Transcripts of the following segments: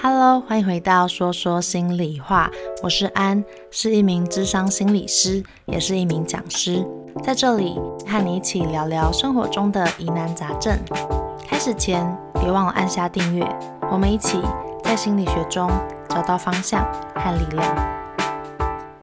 Hello，歡迎回到說說心裡話，我是安，是一名諮商心理師，也是一名講師，在這裡和你一起聊聊生活中的疑難雜症。開始前，別忘了按下訂閱，我們一起在心理學中找到方向和力量。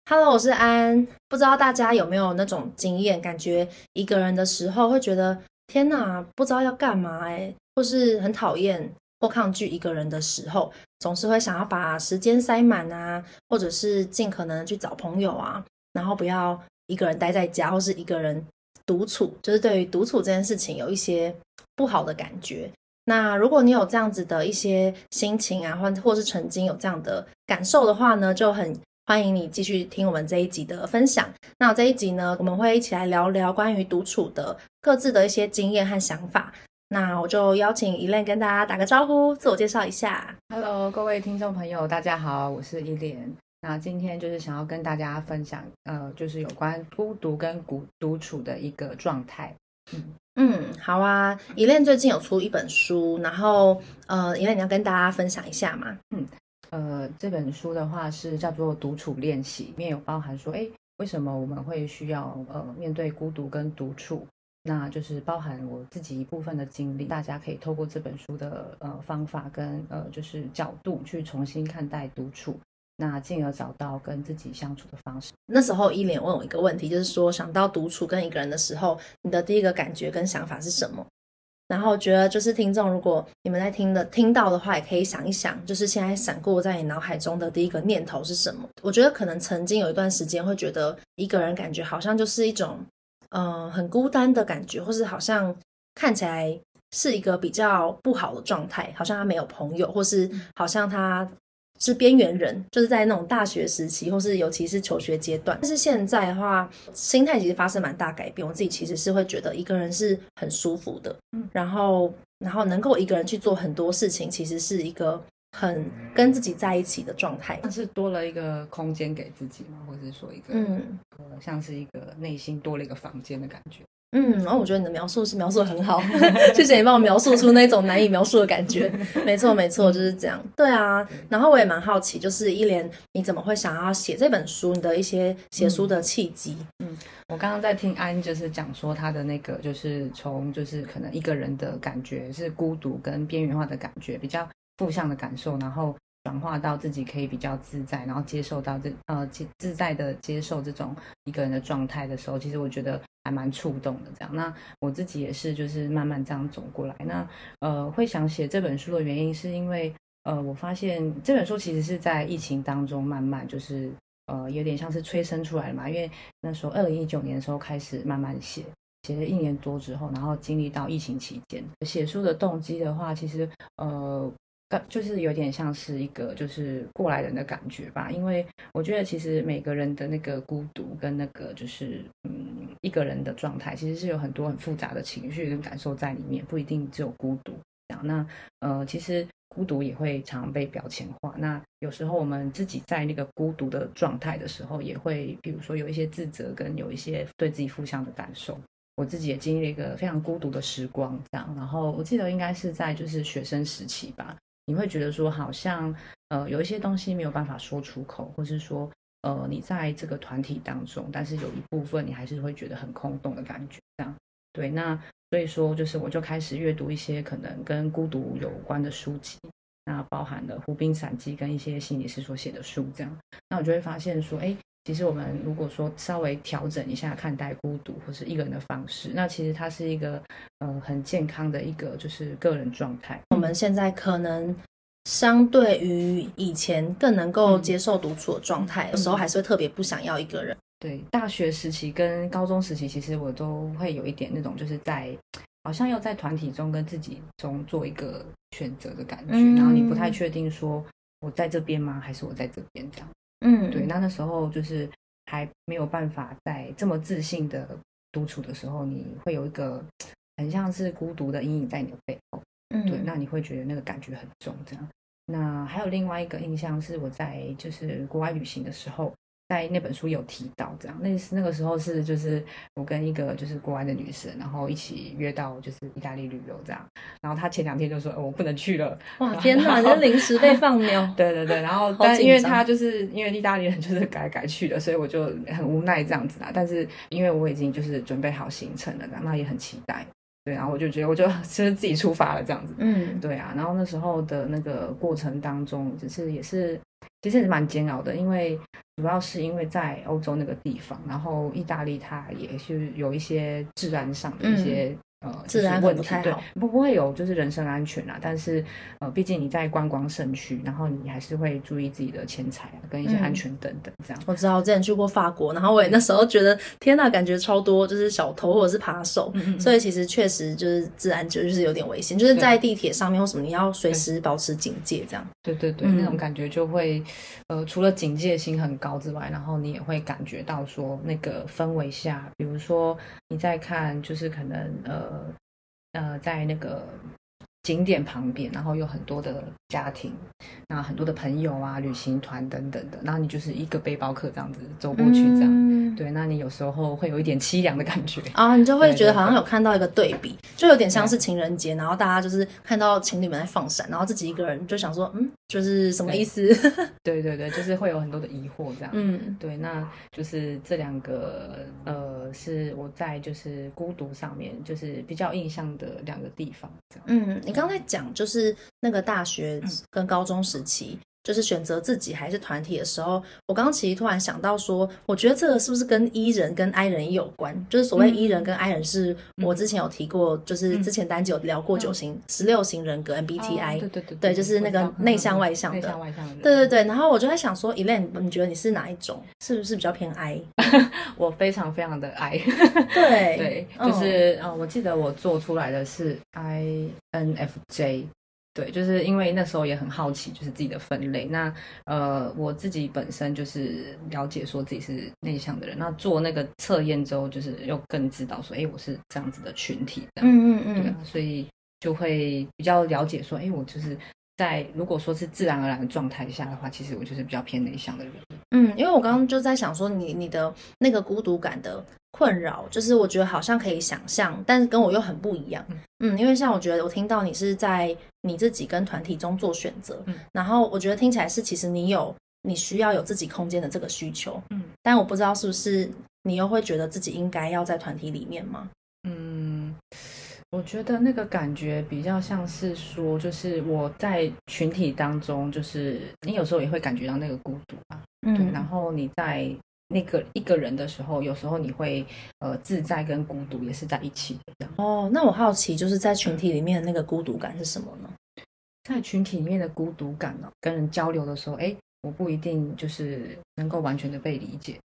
Hello，我是安，不知道大家有沒有那種經驗，感覺一個人的時候會覺得天哪，不知道要幹嘛誒，或是很討厭。或抗拒一個人的時候，總是會想要把時間塞滿啊，或者是儘可能去找朋友啊，然後不要一個人待在家，或是一個人獨處，就是對於獨處這件事情有一些不好的感覺。那如果你有這樣子的一些心情啊，或或是曾經有這樣的感受的話呢，就很歡迎你繼續聽我們這一集的分享。那這一集呢，我們會一起來聊聊關於獨處的各自的一些經驗和想法。那我就邀請伊蓮跟大家打個招呼，自我介紹一下。Hello，各位聽眾朋友，大家好，我是伊蓮。那今天就是想要跟大家分享，呃，就是有關孤獨跟孤獨處的一個狀態。嗯，嗯，好啊，伊蓮最近有出一本書，然後呃，伊蓮你要跟大家分享一下嗎？嗯，呃，這本書的話是叫做《獨處練習》，裡面有包含說，哎、欸，為什麼我們會需要呃面對孤獨跟獨處？那就是包含我自己一部分的經歷，大家可以透過這本書的呃方法跟呃就是角度去重新看待獨處，那進而找到跟自己相處的方式。那時候伊蓮問我一個問題，就是說想到獨處跟一個人的時候，你的第一個感覺跟想法是什麼？然後覺得就是聽眾如果你們在聽的聽到的話，也可以想一想，就是現在閃過在你腦海中的第一個念頭是什麼？我覺得可能曾經有一段時間會覺得一個人感覺好像就是一種。嗯、呃，很孤單的感覺，或是好像看起來是一個比較不好的狀態，好像他沒有朋友，或是好像他是邊緣人，就是在那種大學時期，或是尤其是求學階段。但是現在的話，心態其實發生蠻大改變，我自己其實是會覺得一個人是很舒服的，然後然後能夠一個人去做很多事情，其實是一個。很跟自己在一起的狀態，但是多了一個空間給自己嘛，或者是說一個嗯、呃，像是一個內心多了一個房間的感覺。嗯、然、哦、後我覺得你的描述是描述得很好， 謝謝你幫我描述出那種難以描述的感覺。 沒錯，沒錯，就是這樣。對啊，然後我也蠻好奇，就是伊蓮你怎麼會想要寫這本書，你的一些寫書的契機。嗯，我剛剛在聽安就是講說他的那個，就是從就是可能一個人的感覺是孤獨跟邊緣化的感覺比較。負向的感受，然後轉化到自己可以比較自在，然後接受到這呃、自自在的接受這種一個人的狀態的時候，其實我覺得還蠻觸動的這樣。那我自己也是就是慢慢這樣走過來。那呃，會想寫這本書的原因，是因為呃，我發現這本書其實是在疫情當中慢慢就是呃有點像是催生出來的嘛。因為那時候二零一九年的時候開始慢慢寫，寫了一年多之後，然後經歷到疫情期間，寫書的動機的話，其實呃。就是有點像是一個就是過來人的感覺吧，因為我覺得其實每個人的那個孤獨跟那個就是嗯一個人的狀態，其實是有很多很複雜的情緒跟感受在裡面，不一定只有孤獨。這樣，那呃其實孤獨也會常常被標籤化。那有時候我們自己在那個孤獨的狀態的時候，也會比如說有一些自責跟有一些對自己負向的感受。我自己也經歷了一個非常孤獨的時光，這樣，然後我記得應該是在就是學生時期吧。你會覺得說好像，呃，有一些東西沒有辦法說出口，或是說，呃，你在這個團體當中，但是有一部分你還是會覺得很空洞的感覺，這樣，對。那所以說，就是我就開始閱讀一些可能跟孤獨有關的書籍，那包含了《湖濱散記》跟一些心理師所寫的書，這樣，那我就會發現說，哎。其實我們如果說稍微調整一下看待孤獨或是一個人的方式，那其實它是一個呃很健康的一個就是個人狀態。我們現在可能相對於以前更能夠接受獨處的狀態，嗯，有時候還是會特別不想要一個人。對，大學時期跟高中時期，其實我都會有一點那種就是在好像要在團體中跟自己中做一個選擇的感覺，嗯，然後你不太確定說我在這邊嗎？還是我在這邊這樣。嗯，對，那那時候就是還沒有辦法在這麼自信的獨處的時候，你會有一個很像是孤獨的陰影在你的背後，嗯，對，那你會覺得那個感覺很重這樣。那還有另外一個印象是我在就是國外旅行的時候。在那本書有提到這樣，那那個時候是就是我跟一個就是國外的女生，然後一起約到就是意大利旅遊這樣，然後她前兩天就說、呃、我不能去了，哇天吶，這臨時被放鳥。 對對對，然後但因為她就是因為意大利人就是改改去了，所以我就很無奈這樣子啦。但是因為我已經就是準備好行程了，那也很期待，對，然後我就覺得我就、就是自己出發了這樣子，嗯，對啊，然後那時候的那個過程當中，只、就是也是。其實也蠻煎熬的，因為主要是因為在歐洲那個地方，然後意大利它也是有一些治安上的一些、嗯、呃治安問題，對，不不會有就是人身安全啦、啊，但是呃，畢竟你在觀光勝區，然後你還是會注意自己的錢財啊，跟一些安全等等這樣。嗯、我知道我之前去過法國，然後我也那時候覺得、嗯、天哪，感覺超多就是小偷或者是扒手，嗯、哼所以其實確實就是治安就是有點危險，就是在地鐵上面、啊、或什麼，你要隨時保持警戒這樣。嗯嗯對對對，嗯、那種感覺就會，呃，除了警戒心很高之外，然後你也會感覺到說，那個氛圍下，比如說你在看，就是可能，呃，呃，在那個。景點旁邊，然後有很多的家庭，那很多的朋友啊，旅行團等等的，然後你就是一個背包客這樣子走過去，這樣，嗯、對，那你有時候會有一點淒涼的感覺啊，你就會覺得好像有看到一個對比，對對，就有點像是情人節，然後大家就是看到情侶們在放閃，然後自己一個人就想說，嗯。就是什麼意思？對，對對對，就是會有很多的疑惑這樣。嗯，對，那就是這兩個呃，是我在就是孤獨上面，就是比較印象的兩個地方。嗯，你剛才講就是那個大學跟高中時期。嗯。就是選擇自己還是團體的時候，我剛剛其實突然想到說，我覺得這個是不是跟 E 人跟 I 人有關？就是所謂 E 人跟 I 人是，我之前有提過，就是之前單集有聊過九型、十六型人格、MBTI，對對對，對，就是那個內向外向的，對對對。然後我就在想說，Elaine，你覺得你是哪一種？是不是比較偏 I？我非常非常的 I，對對，就是呃，我記得我做出來的是 INFJ。對，就是因為那時候也很好奇，就是自己的分類。那呃，我自己本身就是了解說自己是內向的人。那做那個測驗之後，就是又更知道說，哎、欸，我是這樣子的群體。嗯嗯嗯。對，所以就會比較了解說，哎、欸，我就是在如果說是自然而然的狀態下的話，其實我就是比較偏內向的人。嗯，因為我剛剛就在想說你你的那個孤獨感的困擾，就是我覺得好像可以想象，但是跟我又很不一樣。嗯，嗯，因為像我覺得我聽到你是在你自己跟團體中做選擇，嗯，然後我覺得聽起來是其實你有你需要有自己空間的這個需求，嗯，但我不知道是不是你又會覺得自己應該要在團體裡面嗎？嗯，我覺得那個感覺比較像是說，就是我在群體當中，就是你有時候也會感覺到那個孤獨啊。嗯，然後你在那個一個人的時候，嗯、有時候你會呃自在跟孤獨也是在一起的。哦，那我好奇就是在群體裡面的那個孤獨感是什麼呢？在群體裡面的孤獨感呢、哦，跟人交流的時候，哎，我不一定就是能夠完全的被理解，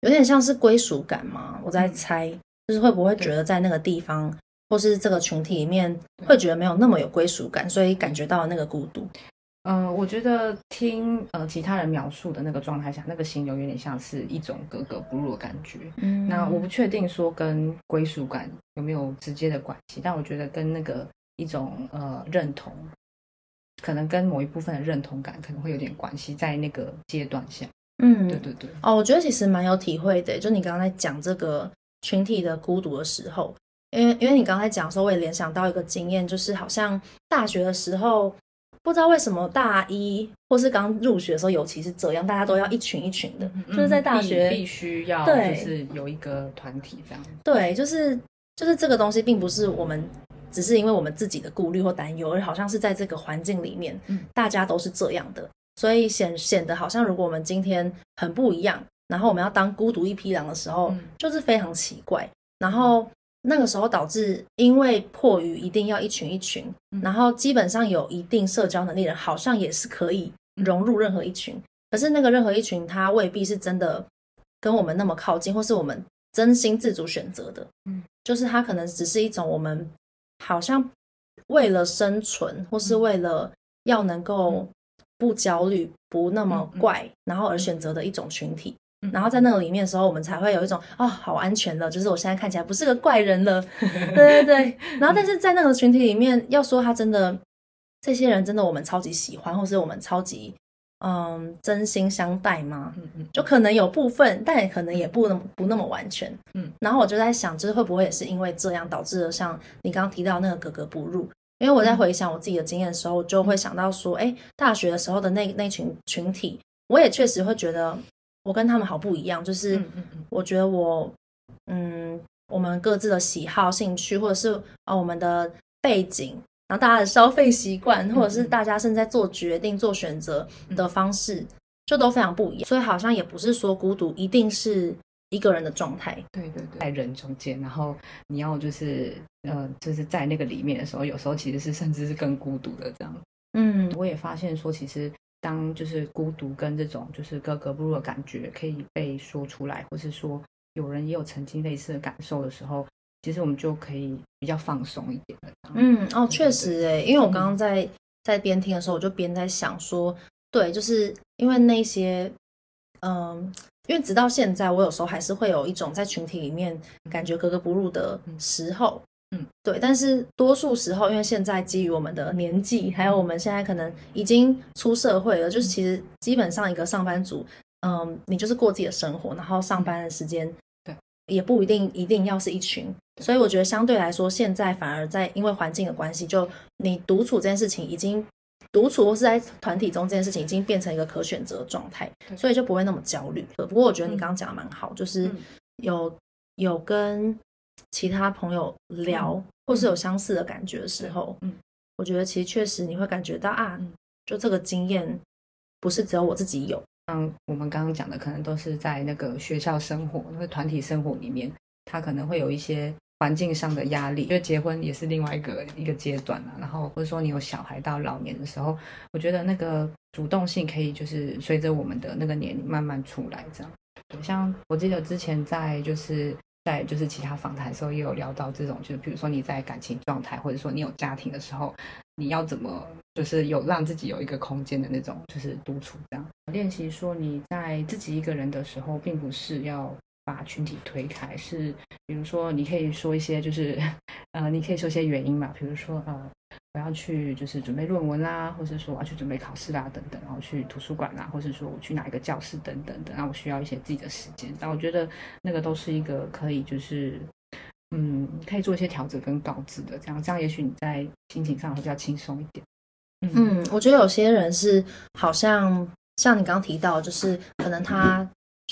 有點像是歸屬感嘛，我在猜，就是會不會覺得在那個地方對或是這個群體裡面，會覺得沒有那麼有歸屬感，所以感覺到了那個孤獨。嗯、呃，我覺得聽呃其他人描述的那個狀態下，那個形容有點像是一種格格不入的感覺。嗯，那我不確定說跟歸屬感有沒有直接的關係，但我覺得跟那個一種呃認同，可能跟某一部分的認同感可能會有點關係，在那個階段下。嗯，對對對。哦，我覺得其實蠻有體會的，就你剛剛在講這個群體的孤獨的時候，因為因為你剛才講的時候，我也聯想到一個經驗，就是好像大學的時候。不知道為什麼大一或是剛入學的時候，尤其是這樣，大家都要一群一群的，嗯、就是在大學必須要，就是有一個團體這樣子。對，就是就是這個東西，並不是我們只是因為我們自己的顧慮或擔憂，而好像是在這個環境裡面，嗯、大家都是這樣的，所以顯顯得好像如果我們今天很不一樣，然後我們要當孤獨一匹狼的時候，嗯、就是非常奇怪，然後。那個時候導致，因為迫於一定要一群一群，然後基本上有一定社交能力的人，好像也是可以融入任何一群。可是那個任何一群，他未必是真的跟我們那麼靠近，或是我們真心自主選擇的。嗯，就是他可能只是一種我們好像為了生存，或是為了要能夠不焦慮、不那麼怪，然後而選擇的一種群體。嗯、然後在那個裡面的時候，我們才會有一種啊、哦，好安全的，就是我現在看起來不是個怪人了。 對對對。然後，但是在那個群體裡面，要說他真的，這些人真的我們超級喜歡，或是我們超級嗯真心相待嗎？嗯嗯。就可能有部分，但也可能也不能不那麼完全。嗯。然後我就在想，就是會不會也是因為這樣導致了像你剛剛提到那個格格不入，因為我在回想我自己的經驗的時候，我就會想到說，哎，大學的時候的那那群群體，我也確實會覺得。我跟他們好不一樣，就是我覺得我，嗯，我們各自的喜好、興趣，或者是啊、哦，我們的背景，然後大家的消費習慣，或者是大家正在做決定、做選擇的方式，就都非常不一樣。所以好像也不是說孤獨一定是一個人的狀態，對對對，在人中間，然後你要就是嗯、呃，就是在那個裡面的時候，有時候其實是甚至是更孤獨的這樣。嗯，我也發現說，其實。當就是孤獨跟這種就是格格不入的感覺，可以被說出來，或是說有人也有曾經類似的感受的時候，其實我們就可以比較放鬆一點。嗯哦，確實哎，對因為我剛剛在在邊聽的時候，我就邊在想說，嗯、對，就是因為那些，嗯，因為直到現在，我有時候還是會有一種在群體裡面感覺格格不入的時候。嗯嗯，對，但是多數時候，因為現在基於我們的年紀，還有我們現在可能已經出社會了，就是其實基本上一個上班族，嗯，你就是過自己的生活，然後上班的時間，對，也不一定一定要是一群。所以我覺得相對來說，現在反而在因為環境的關係，就你獨處這件事情已經獨處或是在團體中這件事情已經變成一個可選擇的狀態，所以就不會那麼焦慮。不過我覺得你剛剛講的蠻好，就是有有跟。其他朋友聊，或是有相似的感覺的時候，嗯，嗯，我覺得其實確實你會感覺到啊，就這個經驗不是只有我自己有。像我們剛剛講的，可能都是在那個學校生活、那個團體生活裡面，他可能會有一些環境上的壓力。因為結婚也是另外一個一個階段啊，然後或者說你有小孩到老年的時候，我覺得那個主動性可以就是隨着我們的那個年齡慢慢出來，這樣。像我記得之前在就是。在就是其他訪談的時候，也有聊到這種，就是比如說你在感情狀態或者說你有家庭的時候，你要怎麼就是有讓自己有一個空間的那種，就是獨處這樣練習。說你在自己一個人的時候，並不是要把群體推開，是比如說你可以說一些，就是呃，你可以說一些原因嘛，比如說呃。我要去就是準備論文啦、啊，或者說我要去準備考試啦、啊，等等，然後去圖書館啦、啊，或者說我去哪一個教室等等等，那我需要一些自己的時間。但我覺得那個都是一個可以就是，嗯，可以做一些調整跟告知的，這樣這樣也許你在心情上會比較輕鬆一點。嗯，嗯，我覺得有些人是好像像你剛剛提到，就是可能他。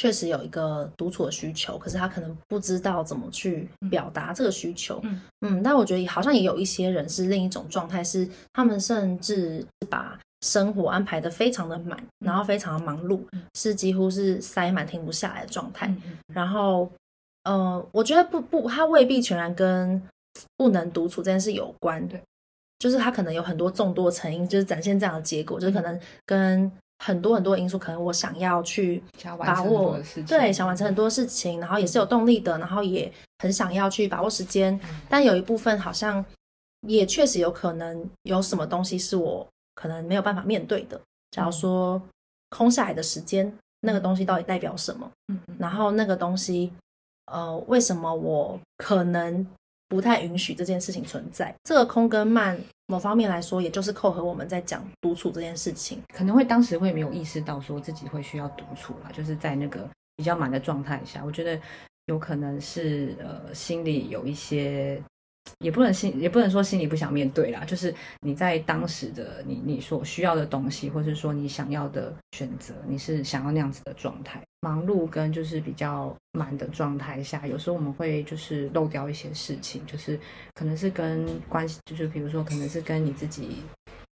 確實有一個獨處的需求，可是他可能不知道怎麼去表達這個需求。嗯，嗯，但我覺得好像也有一些人是另一種狀態，是他們甚至把生活安排得非常的滿，嗯、然後非常的忙碌，嗯、是幾乎是塞滿停不下來的狀態。嗯、然後，嗯、呃，我覺得不不，他未必全然跟不能獨處這件事有關，對，就是他可能有很多眾多成因，就是展現這樣的結果，嗯、就是可能跟。很多很多因素，可能我想要去把握，想完成很多的事情。對，想完成很多事情，然後也是有動力的，嗯、然後也很想要去把握時間，嗯、但有一部分好像也確實有可能有什麼東西是我可能沒有辦法面對的。嗯、假如說空下來的時間，那個東西到底代表什麼？嗯、然後那個東西，呃，為什麼我可能？不太允許這件事情存在。這個空跟慢，某方面來說，也就是扣合我們在講獨處這件事情，可能會當時會沒有意識到說自己會需要獨處了，就是在那個比較滿的狀態下，我覺得有可能是，呃，心裡有一些。也不能心也不能說心裡不想面對啦，就是你在當時的你你所需要的東西，或是說你想要的選擇，你是想要那樣子的狀態。忙碌跟就是比較滿的狀態下，有時候我們會就是漏掉一些事情，就是可能是跟關係，就是比如說可能是跟你自己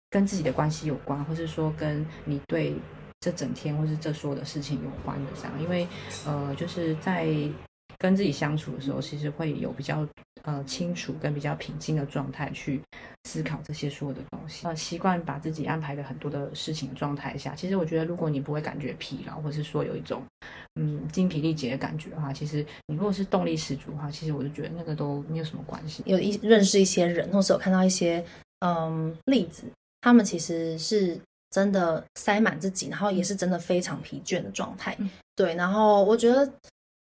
跟自己的關係有關，或是說跟你對這整天或是這說的事情有關的這樣。因為呃就是在。跟自己相處的時候，其實會有比較呃清楚跟比較平靜的狀態去思考這些所有的東西。那習慣把自己安排的很多的事情的狀態下，其實我覺得，如果你不會感覺疲勞，或是說有一種嗯精疲力竭的感覺的話，其實你如果是動力十足的話，其實我就覺得那個都沒有什麼關係。有一認識一些人，或是有看到一些嗯例子，他們其實是真的塞滿自己，然後也是真的非常疲倦的狀態。嗯、對，然後我覺得。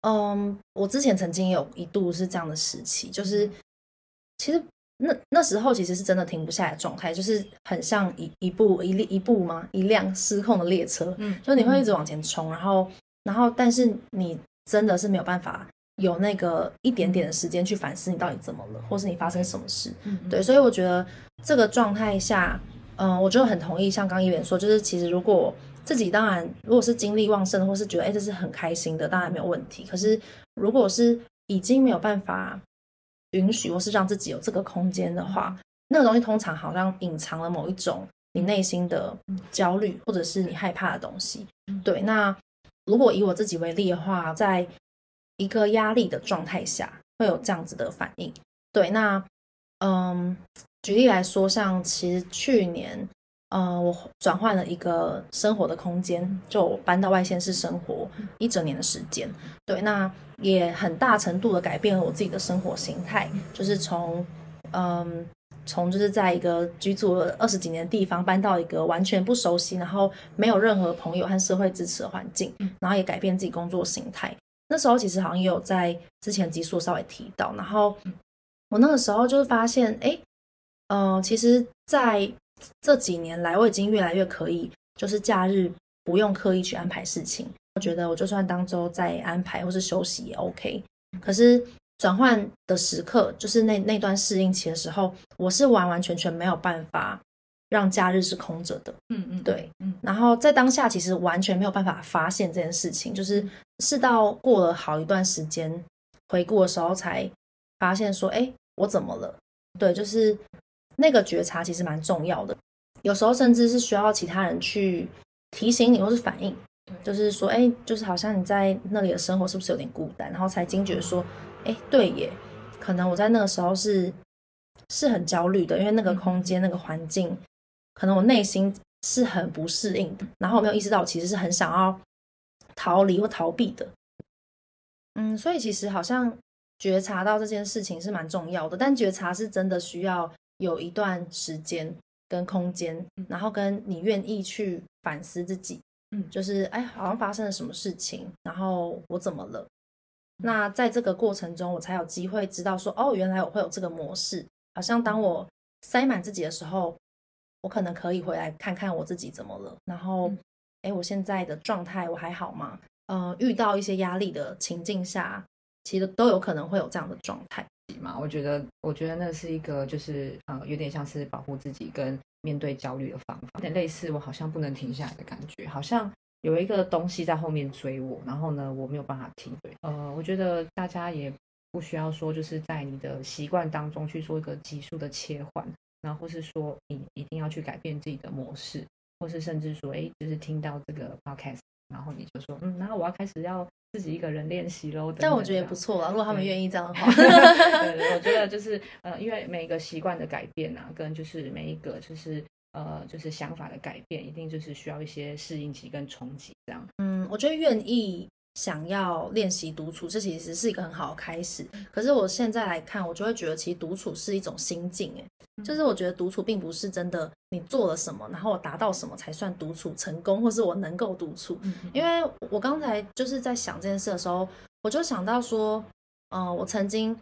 嗯，um, 我之前曾經有一度是這樣的時期，就是其實那那時候其實是真的停不下來的狀態，就是很像一一部一一部嘛，一輛失控的列車，嗯，就你會一直往前衝，然後然後但是你真的是沒有辦法有那個一點點的時間去反思你到底怎麼了，或是你發生什麼事，嗯，對，所以我覺得這個狀態下，嗯，我就很同意像剛剛伊蓮說，就是其實如果。自己當然，如果是精力旺盛，或是覺得哎，這是很開心的，當然沒有問題。可是，如果是已經沒有辦法允許或是讓自己有這個空間的話，那個東西通常好像隱藏了某一種你內心的焦慮，或者是你害怕的東西。對，那如果以我自己為例的話，在一個壓力的狀態下會有這樣子的反應。對，那嗯，舉例來說，像其實去年。呃，我轉換了一個生活的空間，就搬到外縣市生活一整年的時間。對，那也很大程度的改變了我自己的生活形態，就是從，嗯，從就是在一個居住了二十幾年的地方搬到一個完全不熟悉，然後沒有任何朋友和社會支持的環境，然後也改變自己工作形態。那時候其實好像也有在之前集數稍微提到，然後我那個時候就是發現，哎、欸，嗯、呃，其實在。這幾年來，我已經越來越可以，就是假日不用刻意去安排事情。我覺得我就算當周再安排或是休息也 OK。可是轉換的時刻，就是那那段適應期的時候，我是完完全全沒有辦法讓假日是空着的。嗯嗯，對，然後在當下其實完全沒有辦法發現這件事情，就是是到過了好一段時間回顧的時候才發現說，哎，我怎麼了？對，就是。那個覺察其實蠻重要的，有時候甚至是需要其他人去提醒你，或是反應，就是說，哎，就是好像你在那裡的生活是不是有點孤單，然後才驚覺說，哎，對耶，可能我在那個時候是是很焦慮的，因為那個空間、那個環境，可能我內心是很不適應的，然後我沒有意識到，我其實是很想要逃離或逃避的。嗯，所以其實好像覺察到這件事情是蠻重要的，但覺察是真的需要。有一段時間跟空間，然後跟你願意去反思自己，嗯，就是，哎，好像發生了什麼事情，然後我怎麼了？嗯，那在這個過程中，我才有機會知道說，哦，原來我會有這個模式。好像當我塞滿自己的時候，我可能可以回來看看我自己怎麼了。然後，哎，嗯，我現在的狀態我還好嗎？嗯，呃，遇到一些壓力的情境下，其實都有可能會有這樣的狀態。嘛，我覺得，我覺得那是一個，就是呃，有點像是保護自己跟面對焦慮的方法，有點類似我好像不能停下來的感覺，好像有一個東西在後面追我，然後呢，我沒有辦法停。對。呃，我覺得大家也不需要說，就是在你的習慣當中去做一個急速的切換，然後或是說你一定要去改變自己的模式，或是甚至說，哎，就是聽到這個 podcast，然後你就說，嗯，然後我要開始要。自己一個人練習咯，但我覺得也不錯啊。如果他們願意這樣的話，對，我覺得就是呃，因為每一個習慣的改變啊，跟就是每一個就是呃，就是想法的改變，一定就是需要一些適應期跟衝擊這樣。嗯，我覺得願意想要練習獨處，這其實是一個很好的開始。可是我現在來看，我就會覺得，其實獨處是一種心境，欸，誒，就是我覺得獨處並不是真的你做了什麼，然後我達到什麼才算獨處成功，或是我能夠獨處。因為我剛才就是在想這件事的時候，我就想到說，嗯，呃，我曾經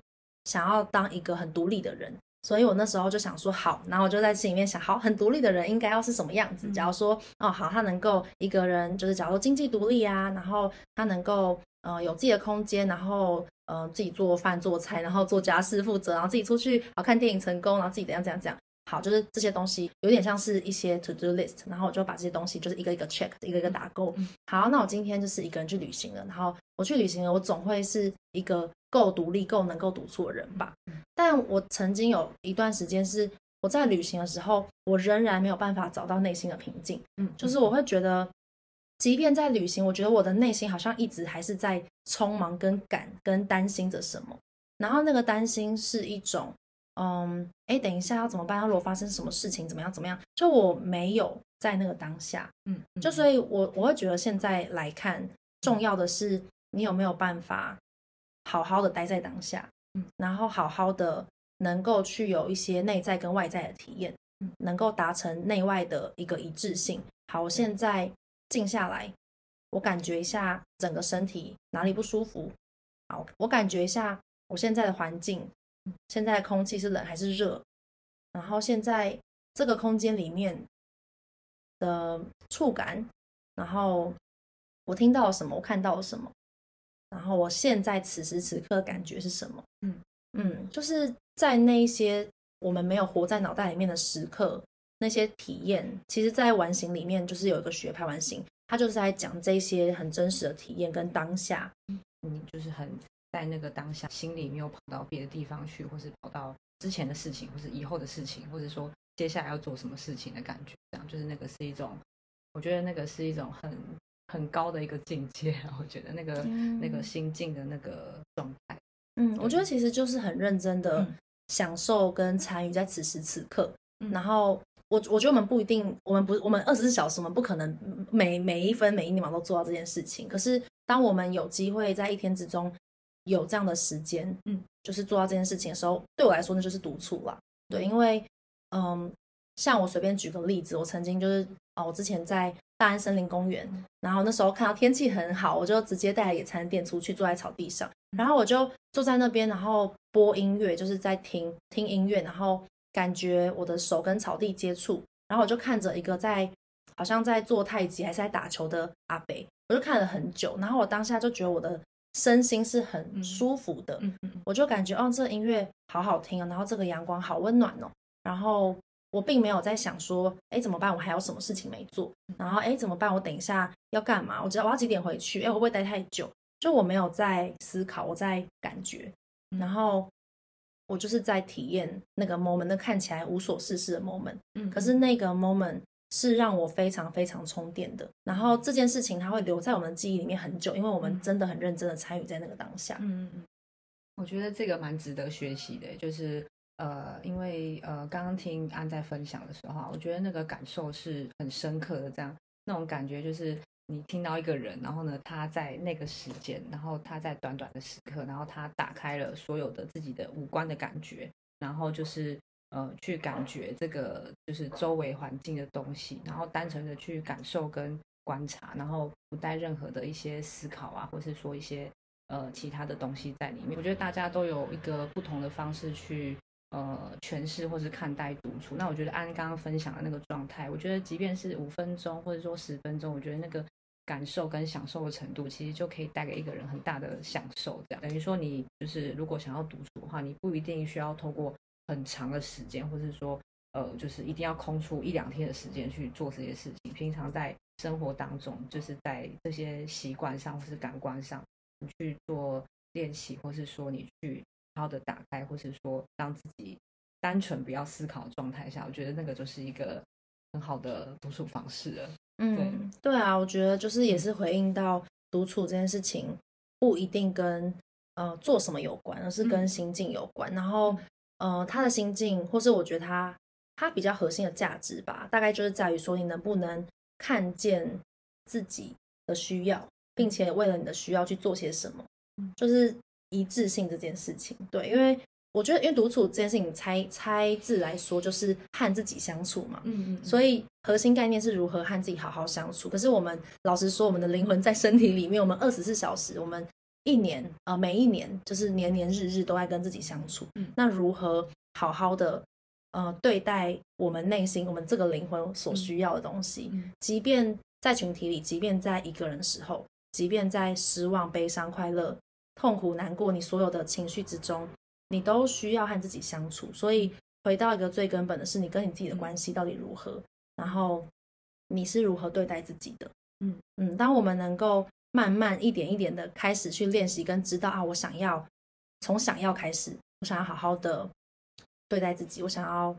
想要當一個很獨立的人。所以我那時候就想說好，然後我就在心裡面想，好，很獨立的人應該要是什麼樣子？嗯、假如說，哦，好，他能夠一個人，就是假如說經濟獨立啊，然後他能夠，呃，有自己的空間，然後，呃，自己做飯做菜，然後做家事負責，然後自己出去好看電影成功，然後自己怎樣怎樣講怎樣。好，就是這些東西有點像是一些 to do list，然後我就把這些東西就是一個一個 check，一個一個打勾。好，那我今天就是一個人去旅行了，然後我去旅行了，我總會是一個夠獨立、夠能夠獨處的人吧。但我曾經有一段時間是我在旅行的時候，我仍然沒有辦法找到內心的平靜。嗯，就是我會覺得，即便在旅行，我覺得我的內心好像一直還是在匆忙、跟趕、跟擔心着什麼，然後那個擔心是一種。嗯，哎，um，等一下要怎麼辦？他如果發生什麼事情，怎麼樣？怎麼樣？就我沒有在那個當下，嗯，嗯，就所以我，我我會覺得現在來看，重要的是你有沒有辦法好好的待在當下，嗯，然後好好的能夠去有一些內在跟外在的體驗，嗯，能夠達成內外的一個一致性。好，我現在靜下來，我感覺一下整個身體哪裡不舒服。好，我感覺一下我現在的環境。現在空氣是冷還是熱？然後現在這個空間裡面的觸感，然後我聽到了什麼？我看到了什麼？然後我現在此時此刻的感覺是什麼？嗯嗯，就是在那一些我們沒有活在腦袋裡面的時刻，那些體驗，其實，在完形裡面就是有一個學派完形，他就是在講這些很真實的體驗跟當下，嗯，就是很。在那個當下，心裡沒有跑到別的地方去，或是跑到之前的事情，或是以後的事情，或者說接下來要做什麼事情的感覺，這樣就是那個是一種，我覺得那個是一種很很高的一個境界。我覺得那個、嗯、那個心境的那個狀態，嗯，對我覺得其實就是很認真的享受跟參與在此時此刻。嗯、然後我我覺得我們不一定，我們不，我們二十四小時，我們不可能每每一分每一秒都做到這件事情。可是當我們有機會在一天之中。有這樣的時間，嗯，就是做到這件事情的時候，對我來說那就是獨處了。對，因為，嗯，像我隨便舉個例子，我曾經就是啊、哦，我之前在大安森林公園，然後那時候看到天氣很好，我就直接帶了野餐墊出去，坐在草地上，然後我就坐在那邊，然後播音樂，就是在聽聽音樂，然後感覺我的手跟草地接觸，然後我就看着一個在好像在做太極還是在打球的阿北，我就看了很久，然後我當下就覺得我的。身心是很舒服的，嗯，嗯嗯，我就感覺哦，這個音樂好好聽，哦，然後這個陽光好溫暖哦，然後我並沒有在想說，哎、欸，怎麼辦？我還有什麼事情沒做？然後哎、欸，怎麼辦？我等一下要幹嘛？我知道我要幾點回去？哎、欸，會不會待太久？就我沒有在思考，我在感覺，然後我就是在體驗那個 moment，看起來無所事事的 moment，、嗯、可是那個 moment。是讓我非常非常充電的。然後這件事情，它會留在我們記憶裡面很久，因為我們真的很認真的參與在那個當下。嗯嗯嗯。我覺得這個蠻值得學習的，就是呃，因為呃，剛剛聽安在分享的時候，我覺得那個感受是很深刻的。這樣那種感覺，就是你聽到一個人，然後呢，他在那個時間，然後他在短短的時刻，然後他打開了所有的自己的五官的感覺，然後就是。呃，去感覺這個就是周圍環境的東西，然後單純的去感受跟觀察，然後不帶任何的一些思考啊，或是說一些呃其他的東西在裡面。我覺得大家都有一個不同的方式去呃詮釋或是看待獨處。那我覺得安剛剛分享的那個狀態，我覺得即便是五分鐘或者說十分鐘，我覺得那個感受跟享受的程度，其實就可以帶給一個人很大的享受。這樣等於說你就是如果想要獨處的話，你不一定需要透過。很長的時間，或是說，呃，就是一定要空出一兩天的時間去做這些事情。平常在生活當中，就是在這些習慣上或是感官上，你去做練習，或是說你去好好的打開，或是說讓自己單純不要思考的狀態下，我覺得那個就是一個很好的獨處方式了。對。嗯，對啊，我覺得就是也是回應到獨處這件事情不一定跟呃做什麼有關，而是跟心境有關，嗯、然後。嗯、呃，他的心境，或是我覺得他，他比較核心的價值吧，大概就是在於說，你能不能看見自己的需要，並且為了你的需要去做些什麼，就是一致性這件事情。對，因為我覺得，因為獨處這件事情你猜，拆拆字來說，就是和自己相處嘛。嗯,嗯嗯。所以核心概念是如何和自己好好相處。可是我們老實說，我們的靈魂在身體裡面，我們二十四小時，我們。一年，呃，每一年就是年年日日都在跟自己相處。嗯，那如何好好的，呃，對待我們內心、我們這個靈魂所需要的東西？嗯，即便在群體裡，即便在一個人時候，即便在失望、悲傷、快樂、痛苦、難過，你所有的情緒之中，你都需要和自己相處。所以，回到一個最根本的是，你跟你自己的關係到底如何？嗯，然後，你是如何對待自己的？嗯嗯，當我們能夠。慢慢一點一點的開始去練習，跟知道啊，我想要從想要開始，我想要好好的對待自己，我想要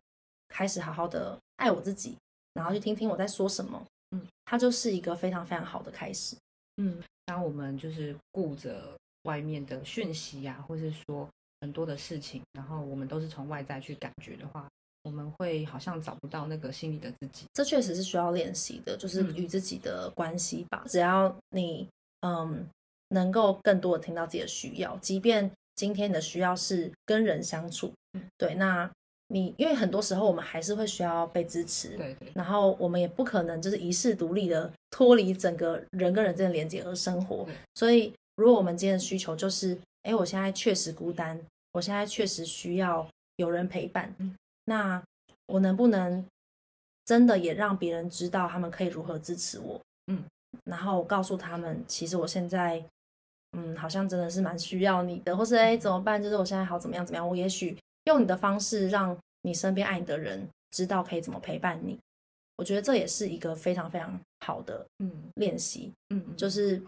開始好好的愛我自己，然後去聽聽我在說什麼，嗯，它就是一個非常非常好的開始，嗯，嗯，當我們就是顧着外面的訊息呀、啊，或是說很多的事情，然後我們都是從外在去感覺的話，我們會好像找不到那個心裡的自己，這確實是需要練習的，就是與自己的關係吧，嗯、只要你。嗯，能夠更多的聽到自己的需要，即便今天你的需要是跟人相處，嗯、對，那你因為很多時候我們還是會需要被支持，對對對，然後我們也不可能就是一世獨立的脫離整個人跟人之間的連接和生活，對所以如果我們今天的需求就是，哎、欸，我現在確實孤單，我現在確實需要有人陪伴，嗯、那我能不能真的也讓別人知道他們可以如何支持我？嗯。然後告訴他們，其實我現在，嗯，好像真的是蠻需要你的，或是哎，怎麼辦？就是我現在好怎麼樣怎麼樣，我也許用你的方式，讓你身邊愛你的人知道可以怎麼陪伴你。我覺得這也是一個非常非常好的，嗯，練習，嗯，就是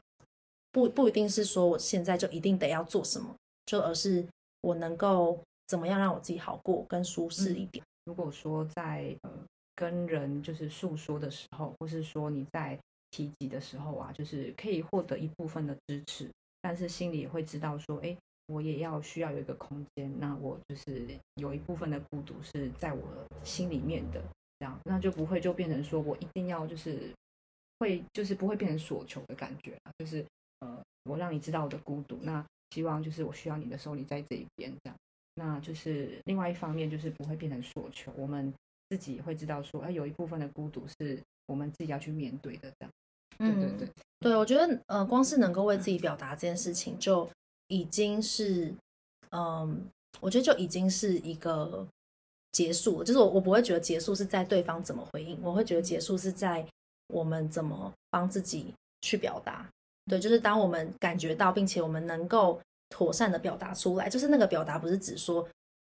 不不一定是說我現在就一定得要做什麼，就而是我能夠怎麼樣讓我自己好過跟舒適一點。嗯，如果說在呃跟人就是訴說的時候，或是說你在提及的時候啊，就是可以獲得一部分的支持，但是心裡也會知道說，哎、欸，我也要需要有一個空間，那我就是有一部分的孤獨是在我心裡面的，這樣，那就不會就變成說我一定要就是會就是不會變成索求的感覺，就是呃，我讓你知道我的孤獨，那希望就是我需要你的時候，你在這一邊這樣，那就是另外一方面就是不會變成索求，我們自己也會知道說，哎、欸，有一部分的孤獨是我們自己要去面對的，這樣。對對對嗯，對我覺得，呃，光是能夠為自己表達這件事情就已經是，嗯，我覺得就已經是一個結束了，就是我，我不會覺得結束是在對方怎麼回應，我會覺得結束是在我們怎麼幫自己去表達。對，就是當我們感覺到，並且我們能夠妥善的表達出來，就是那個表達不是只說。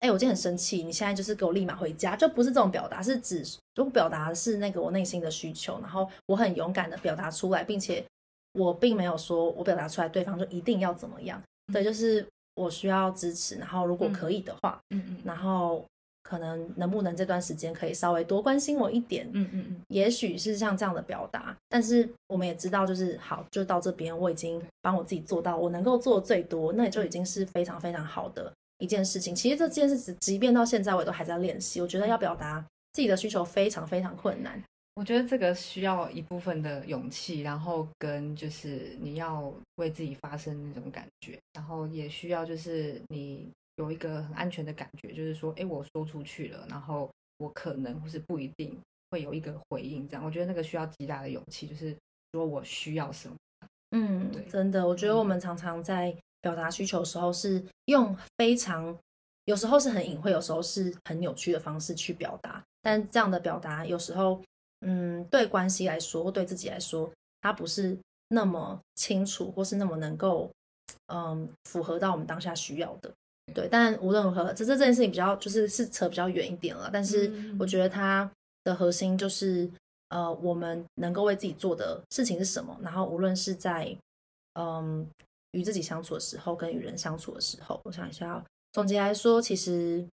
哎、欸，我真的很生氣！你現在就是給我立馬回家，就不是這種表達，是指，就表達是那個我內心的需求，然後我很勇敢的表達出來，並且我並沒有說我表達出來，對方就一定要怎麼樣。對，就是我需要支持，然後如果可以的話，嗯嗯，然後可能能不能這段時間可以稍微多關心我一點，嗯嗯嗯，嗯嗯也許是像這樣的表達。但是我們也知道，就是好，就到這邊，我已經幫我自己做到，我能夠做最多，那也就已經是非常非常好的一件事情，其實這件事，即便到現在我也都還在練習。我覺得要表達自己的需求非常非常困難。我覺得這個需要一部分的勇氣，然後跟就是你要為自己發聲那種感覺，然後也需要就是你有一個很安全的感覺，就是說，誒，我說出去了，然後我可能或是不一定會有一個回應。這樣，我覺得那個需要極大的勇氣，就是說我需要什麼。嗯，真的，我覺得我們常常在、嗯。表達需求的時候是用非常，有時候是很隱晦，有時候是很扭曲的方式去表達，但這樣的表達有時候，嗯，對關係來說或對自己來說，它不是那麼清楚或是那麼能夠，嗯，符合到我們當下需要的。對，但無論如何，這這這件事情比較就是是扯比較遠一點了，但是我覺得它的核心就是，呃，我們能夠為自己做的事情是什麼，然後無論是在，嗯。與自己相處的時候，跟與人相處的時候，我想一下，總結來說，其實，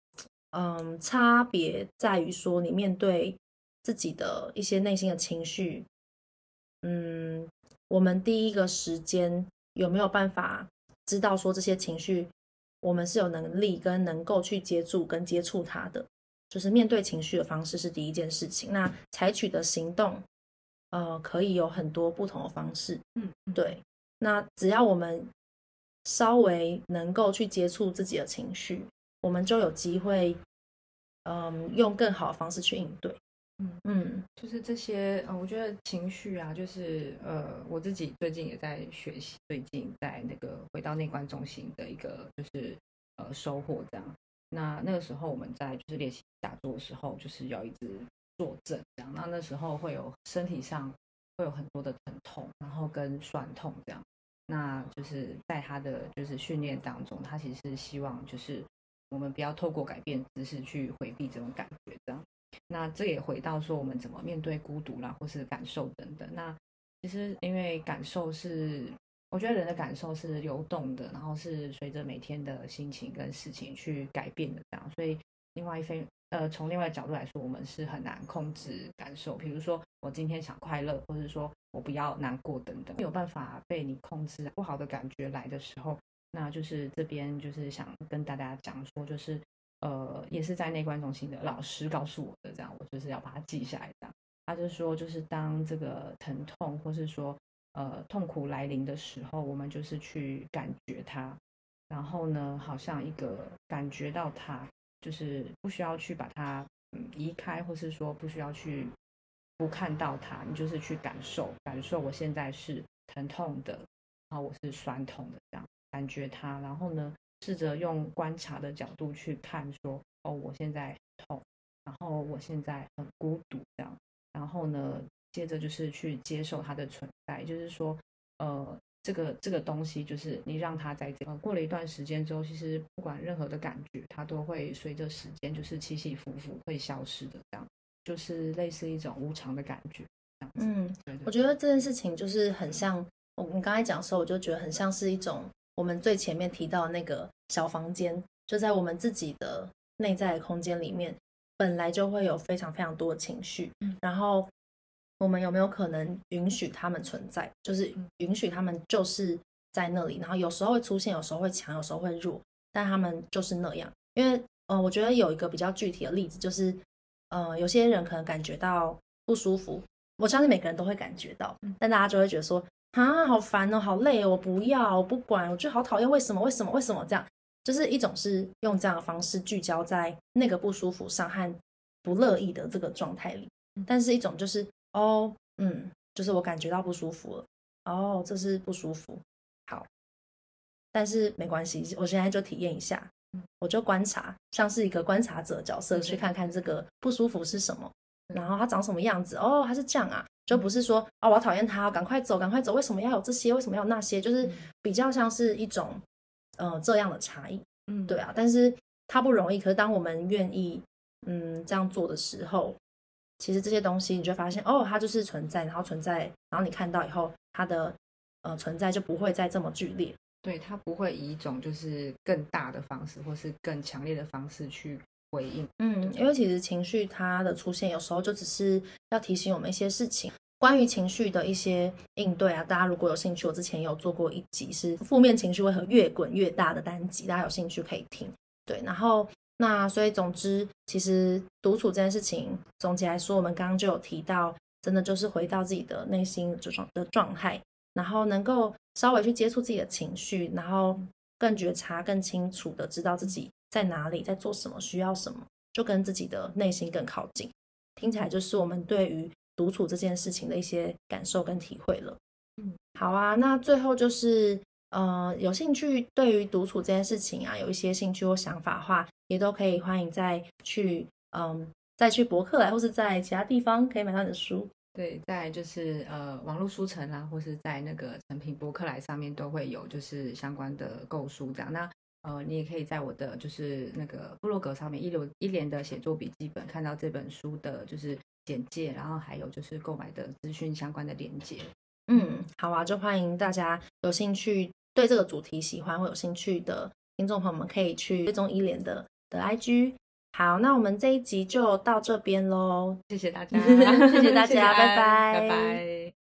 嗯，差別在於說，你面對自己的一些內心的情緒，嗯，我們第一個時間有沒有辦法知道說這些情緒，我們是有能力跟能夠去接住跟接觸它的，就是面對情緒的方式是第一件事情。那採取的行動，呃，可以有很多不同的方式，嗯，對。那只要我們稍微能夠去接觸自己的情緒，我們就有機會，嗯，用更好的方式去應對。嗯嗯，就是這些，我覺得情緒啊，就是呃，我自己最近也在學習，最近在那個回到內觀中心的一個就是呃收穫這樣。那那個時候我們在就是練習打坐的時候，就是要一直坐正這樣。那那時候會有身體上會有很多的疼痛，然後跟酸痛這樣。那就是在他的就是訓練當中，他其實是希望就是我們不要透過改變姿勢去回避這種感覺這樣。那這也回到說我們怎麼面對孤獨啦，或是感受等等。那其實因為感受是，我覺得人的感受是流動的，然後是隨着每天的心情跟事情去改變的這樣。所以另外一分呃，從另外的角度來說，我們是很難控制感受。比如說我今天想快樂，或者說。我不要難過，等等，沒有辦法被你控制。不好的感覺來的時候，那就是這邊就是想跟大家講說，就是呃，也是在內觀中心的老師告訴我的，這樣，我就是要把它記下來這樣。他就說，就是當這個疼痛或是說呃痛苦來臨的時候，我們就是去感覺它，然後呢，好像一個感覺到它，就是不需要去把它嗯移開，或是說不需要去。不看到它，你就是去感受，感受我現在是疼痛的，然後我是酸痛的這樣，感覺它，然後呢，試着用觀察的角度去看說，說哦，我現在痛，然後我現在很孤獨這樣，然後呢，接着就是去接受它的存在，就是說，呃，這個這個東西就是你讓它在這，過了一段時間之後，其實不管任何的感覺，它都會隨着時間就是起起伏伏會消失的這樣。就是類似一種無常的感覺，嗯，對，我覺得這件事情就是很像我們剛才講的時候，我就覺得很像是一種我們最前面提到的那個小房間，就在我們自己的內在的空間裡面，本來就會有非常非常多的情緒，然後我們有沒有可能允許他們存在，就是允許他們就是在那裡，然後有時候會出現，有時候會強，有時候會弱，但他們就是那樣，因為嗯，我覺得有一個比較具體的例子就是。呃，有些人可能感覺到不舒服，我相信每個人都會感覺到，但大家就會覺得說，啊，好煩哦，好累哦，我不要，我不管，我就好討厭，為什麼？為什麼？為什麼這樣？就是一種是用這樣的方式聚焦在那個不舒服上和不樂意的這個狀態裡，但是一種就是，哦，嗯，就是我感覺到不舒服了，哦，這是不舒服，好，但是沒關係，我現在就體驗一下。我就觀察，像是一個觀察者角色，嗯、去看看這個不舒服是什麼，嗯、然後它長什麼樣子。哦，它是這樣啊，就不是說，哦，我討厭它，趕快走，趕快走。為什麼要有這些？為什麼要有那些？就是比較像是一種，呃，這樣的差異。嗯，對啊。但是它不容易。可是當我們願意，嗯，這樣做的時候，其實這些東西你就發現，哦，它就是存在，然後存在，然後你看到以後，它的呃存在就不會再這麼劇烈。對，他不會以一種就是更大的方式，或是更強烈的方式去回應。嗯，因為其實情緒它的出現，有時候就只是要提醒我們一些事情。關於情緒的一些應對啊，大家如果有興趣，我之前有做過一集是負面情緒為何越滾越大的單集，大家有興趣可以聽。對，然後那所以總之，其實獨處這件事情，總結來說，我們剛剛就有提到，真的就是回到自己的內心這種的狀態。然後能夠稍微去接觸自己的情緒，然後更覺察、更清楚的知道自己在哪裡、在做什麼、需要什麼，就跟自己的內心更靠近。聽起來就是我們對於獨處這件事情的一些感受跟體會了。嗯，好啊。那最後就是，呃，有興趣對於獨處這件事情啊，有一些興趣或想法的話，也都可以歡迎再去，嗯、呃，再去博客來，或是在其他地方可以買到你的書。對，在就是呃網絡書城啦、啊，或是在那個誠品、博客來上面都會有就是相關的購書這樣。那呃，你也可以在我的就是那個部落格上面，一流伊蓮的寫作筆記本看到這本書的就是簡介，然後還有就是購買的資訊相關的連接。嗯，好啊，就歡迎大家有興趣對這個主題喜歡或有興趣的聽眾朋友們，可以去追蹤伊蓮的的 IG。好，那我們這一集就到這邊嘍，謝謝大家， 謝謝大家， 謝謝安，拜拜，拜拜。